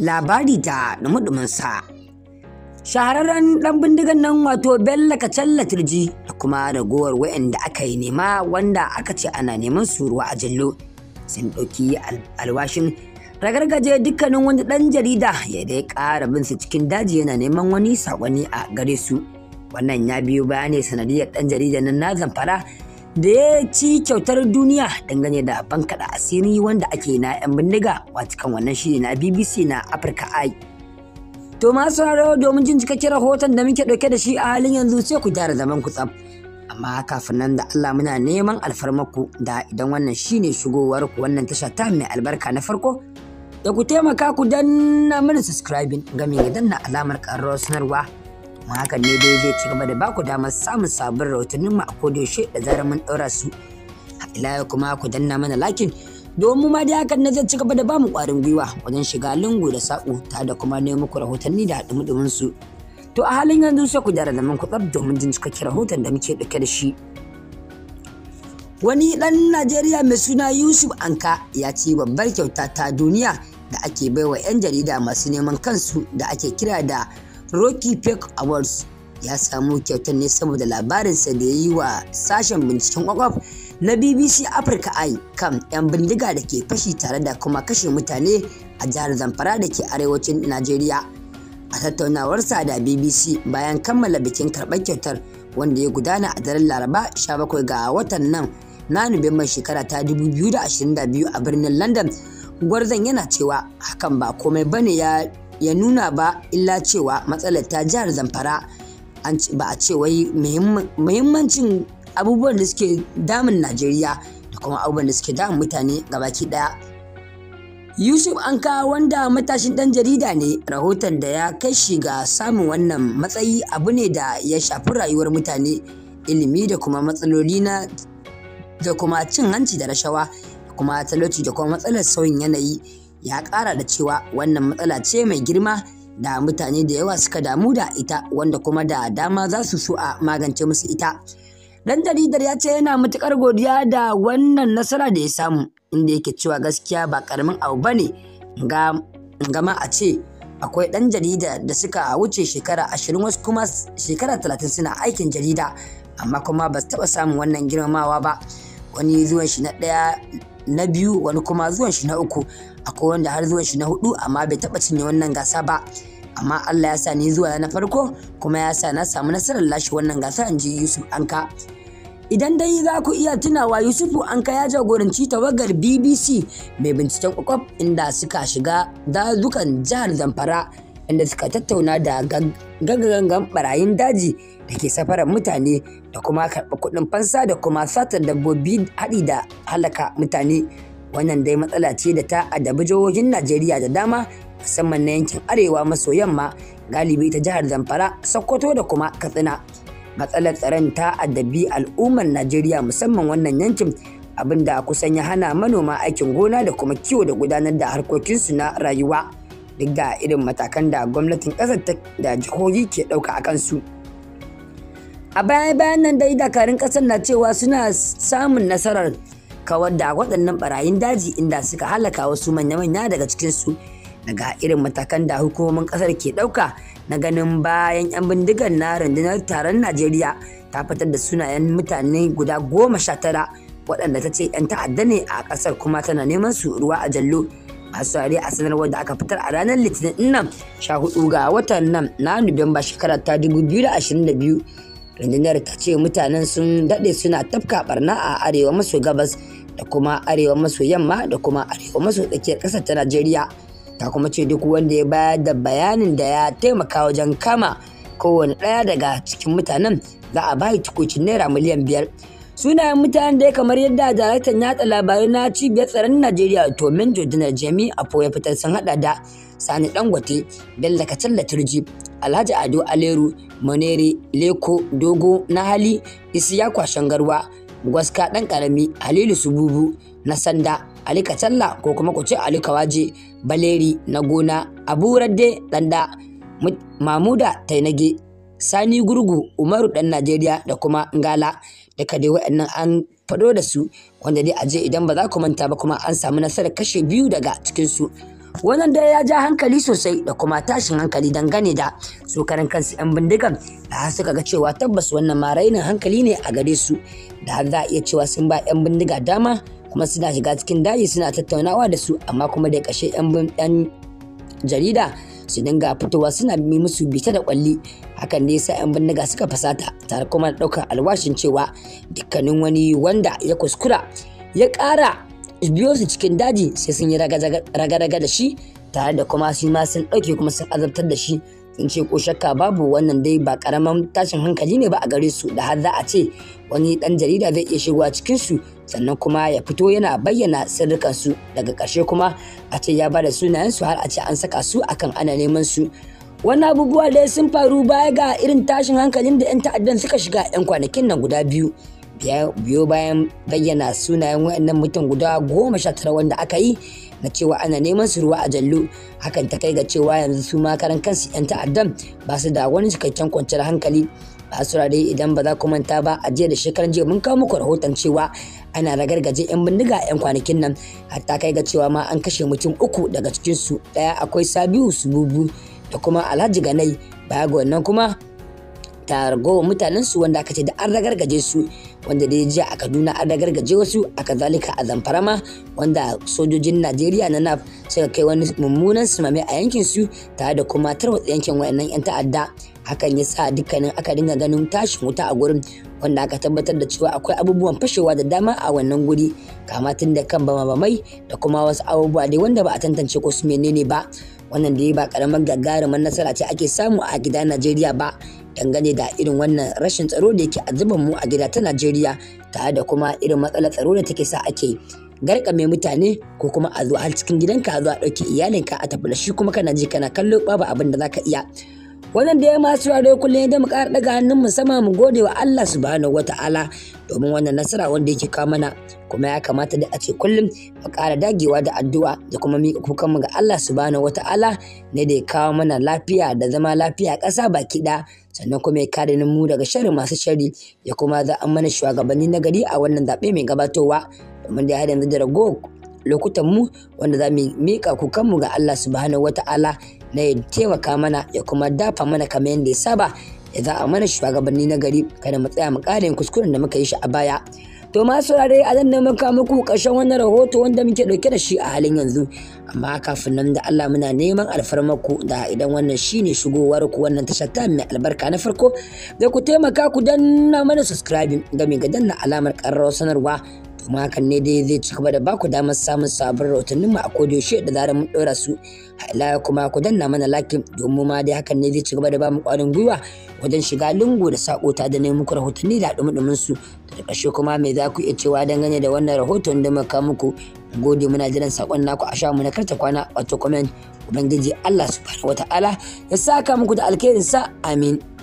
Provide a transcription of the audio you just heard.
labari da dumudumunsa. Shahararren ɗan bindigan nan wato Bello Kacalla Turji da kuma ragowar wa'anda aka yi nema wanda aka ce ana neman suruwa a jallo sun ɗauki alwashin ragargaje dukkanin wani ɗan jarida ya dai ƙara bin su cikin daji yana neman wani sakonni a gare su. Wannan ya biyo bayani sanadiyar ɗan jaridan nan na zamfara da ya ci kyautar duniya dangane da bankaɗa asiri wanda ake na 'yan bindiga watakan wannan shi na bbc na afirka ai to masu haro domin jin cikakken rahoton da muke ɗauke da shi a halin yanzu sai ku gyara zaman ku tsaf amma kafin nan da Allah muna neman alfarmaku da idan wannan shine shigowar ku wannan tasha ta mai albarka na farko da ku taimaka ku danna mini subscribing gami da danna alamar ƙararrawar sanarwa mu hakan ne dai zai ci gaba da baku damar samun sabon rahotannin mu a kodayaushe da zarar mun daura su ila kuma ku danna mana lakin domin ma dai hakan ne zai ci gaba da bamu ƙwarin gwiwa wajen shiga lungu da saƙo ta da kuma nemo muku rahotanni da haɗu su to a halin yanzu sai ku gyara zaman ku tsaf domin jin cikakken rahoton da muke ɗauke da shi wani ɗan najeriya mai suna yusuf anka ya ci babbar kyauta ta duniya da ake baiwa 'yan jarida masu neman kansu da ake kira da rocky fake awards ya samu kyautar ne saboda labarinsa da ya yi wa sashen binciken kwakwaf na bbc africa eye kan 'yan bindiga da ke fashi tare da kuma kashe mutane a jihar zamfara da ke arewacin najeriya a tattaunawar tattaunawarsa da bbc bayan kammala bikin karɓar kyautar wanda ya gudana a daren laraba 17 ga watan nan na nuwamban shekara ta 2022 a birnin london gwarzon yana cewa hakan ba komai bane ya ya nuna ba illa cewa matsalar ta jihar zamfara ba a ce wai muhimmancin abubuwan da suke damun najeriya da kuma abubuwan da suke damun mutane gabaki daya yusuf anka wanda matashin dan jarida ne rahoton da ya kai shi ga samun wannan matsayi abu ne da ya shafi rayuwar mutane ilimi da kuma matsaloli na da kuma cin hanci da rashawa da kuma talauci da kuma matsalar sauyin yanayi ya ƙara da cewa wannan matsala ce mai girma da mutane da yawa suka damu da ita wanda kuma da dama za su so a magance musu ita. ɗan jaridar ya ce yana matuƙar godiya da wannan nasara da ya samu inda yake cewa gaskiya ba ƙaramin abu ba ne gama a ce akwai ɗan jarida da suka wuce shekara ashirin wasu kuma shekara talatin suna aikin jarida amma kuma ba su taɓa samun wannan girmamawa ba wani zuwan shi na ɗaya na biyu wani kuma zuwan shi na uku akwai wanda har zuwan shi na hudu amma bai taba cinye wannan gasa ba amma Allah ya sa ni zuwa na farko kuma ya sa na samu nasarar lashe wannan gasa in ji Yusuf Anka idan dai za ku iya tunawa Yusufu Anka ya jagoranci tawagar BBC mai binciken kwakwaf inda suka shiga dazukan jihar Zamfara inda suka tattauna da gangan barayin daji da ke safarar mutane da kuma karɓa kuɗin fansa da kuma satar dabbobi haɗi da halaka mutane wannan dai matsala ce da ta adabi jihohin najeriya da dama musamman na yankin arewa maso yamma galibi ta jihar zamfara sokoto da kuma katsina matsalar tsaron ta adabi al'ummar najeriya musamman wannan yankin abinda kusan ya hana manoma aikin gona da kuma kiwo da gudanar da harkokinsu na rayuwa duk da irin matakan da gwamnatin ƙasar da jihohi ke ɗauka a kansu. A baya bayan nan dai dakarun ƙasar na cewa suna samun nasarar kawar da waɗannan barayin daji inda suka halaka wasu manya-manya daga cikinsu daga irin matakan da hukumomin ƙasar ke ɗauka na ganin bayan 'yan bindigar na rundunar taron Najeriya ta fitar da sunayen mutane guda goma sha tara waɗanda ta ce 'yan ta'adda ne a ƙasar kuma tana neman su ruwa a jallo hasari a sanarwar da aka fitar a ranar litinin sha hudu ga watan nan na nuwamba shekara ta biyu. rundunar ta ce mutanen sun daɗe suna tafka barna a arewa maso gabas da kuma arewa maso yamma da kuma arewa maso tsakiyar ƙasar ta najeriya ta kuma ce duk wanda ya bayar da bayanin da ya taimaka wajen kama kowane ɗaya daga cikin mutanen za a bayi tukucin naira miliyan biyar sunayen mutanen da kamar yadda daraktan yatsa labarai na cibiyar tsaron najeriya tomin jodina jami a ya fitar sun hada da sani dangote bello kacalla turji alhaji ado aleru monere leko dogo na hali isiya kwashen garwa gwaska dan karami halilu sububu na sanda ali kacalla ko kuma kuce ce ali kawaje baleri na gona abu radde danda mamuda tainage Sani Gurgu, Umaru Ɗan Najeriya da kuma Ngala. da kade waɗannan an faɗo da su wanda dai aje idan ba za ku manta ba kuma an samu nasarar kashe biyu daga cikinsu. Wannan dai ya ja hankali sosai da kuma tashin hankali dangane da su kansu 'yan bindigan da har suka ga cewa tabbas wannan ma rainin hankali ne a gare su da har za a iya cewa sun ba 'yan bindiga dama kuma suna shiga cikin daji suna tattaunawa da su amma kuma da kashe 'yan jarida su dinga fitowa suna mi musu bita da kwalli hakan ne sa 'yan bindiga suka fasata tare kuma ɗaukar alwashin cewa dukkanin wani wanda ya kuskura ya kara biyo su cikin daji sai sun yi raga-raga da shi tare da kuma sun ma sun dauke kuma sun azabtar da shi in ce ko shakka babu wannan dai ba karaman tashin hankali ne ba a gare su da har za a ce wani dan jarida zai iya shigowa cikin su sannan kuma ya fito yana bayyana sirrukan su daga ƙarshe kuma a ce ya bada sunayen su har a ce an saka su akan ana neman su wannan abubuwa dai sun faru baya ga irin tashin hankalin da 'yan ta'addan suka shiga 'yan kwanakin nan guda biyu biyo bayan bayyana sunayen waɗannan mutum guda goma sha tara wanda aka yi na cewa ana neman su ruwa a jallu hakan ta kai ga cewa yanzu su ma karan kansu 'yan ta'addan ba su da wani cikakken kwanciyar hankali a surare idan ba za ku manta ba a jiya da shekaran jiya mun kawo muku rahoton cewa ana ragargaje 'yan bindiga 'yan kwanakin nan hatta kai ga cewa ma an kashe mutum uku daga cikin su ɗaya akwai sabiu sububu da kuma alhaji ganai baya ga wannan kuma ta ragowa mutanen su wanda aka ce da an ragargaje su wanda da jiya a Kaduna an ragargaje wasu a kazalika a Zamfarama wanda sojojin Najeriya na NAF suka kai wani mummunan sumame a yankin su tare da kuma tarwatsa yankin wayannan 'yan ta'adda hakan ya sa dukkanin aka dinga ganin tashin wuta a gurin wanda aka tabbatar da cewa akwai abubuwan fashewa da dama a wannan guri kama tun da kan bama-bamai da kuma wasu abubuwa dai wanda ba a tantance ko su menene ba wannan dai ba karamar gagarumar nasara ce ake samu a gida najeriya ba dangane da irin wannan rashin tsaro da yake azuban mu a gida ta Najeriya tare da kuma irin matsalar tsaro da take sa ake garkame mutane ko kuma a zo har cikin gidanka a zo a ɗauki iyalinka a tafi da shi kuma kana ji kana kallo babu abin da zaka iya wannan da ya masu rado kullum da mu ƙara daga hannun mu sama mu gode wa Allah subhanahu wata'ala domin wannan nasara wanda yake kawo mana kuma ya kamata da a ce kullum mu ƙara dagewa da addu'a da kuma miƙa kukanmu ga Allah subhanahu wata'ala ne da ya kawo mana lafiya da zama lafiya ƙasa baki ɗaya sannan kuma ya kare mu daga sharri masu sharri ya kuma za an mana shugabanni na gari a wannan zaɓe mai gabatowa domin da ya yanzu da rago lokutan mu wanda za mu miƙa kukanmu ga Allah subhanahu wata'ala na ya taimaka mana ya kuma dafa mana kamar yadda ya saba ya za a mana shugabanni na gari kada mu tsaya mu kare kuskuren da muka yi shi a baya to ma saurare a nan maka muku ƙarshen wannan rahoto wanda muke ɗauke da shi a halin yanzu amma kafin nan da Allah muna neman alfarmarku da idan wannan shine shigowar ku wannan tashar ta mai albarka na farko da ku taimaka ku danna mana subscribing ga mai ga danna alamar ƙararrawar sanarwa kuma hakan ne dai zai ci gaba da baku damar samun sabon rahotannin mu a yaushe da zarar mun ɗora su hala kuma ku danna mana lakin domin ma dai hakan ne zai ci gaba da bamu ƙwarin gwiwa wajen shiga lungu da saƙota da nemo muku rahotanni da ɗumi su da ƙarshe kuma me za ku iya cewa dangane da wannan rahoton da muka muku gode muna jiran sakon naku a shamu na karta kwana wato comment ubangiji Allah subhanahu wataala ya saka muku da sa amin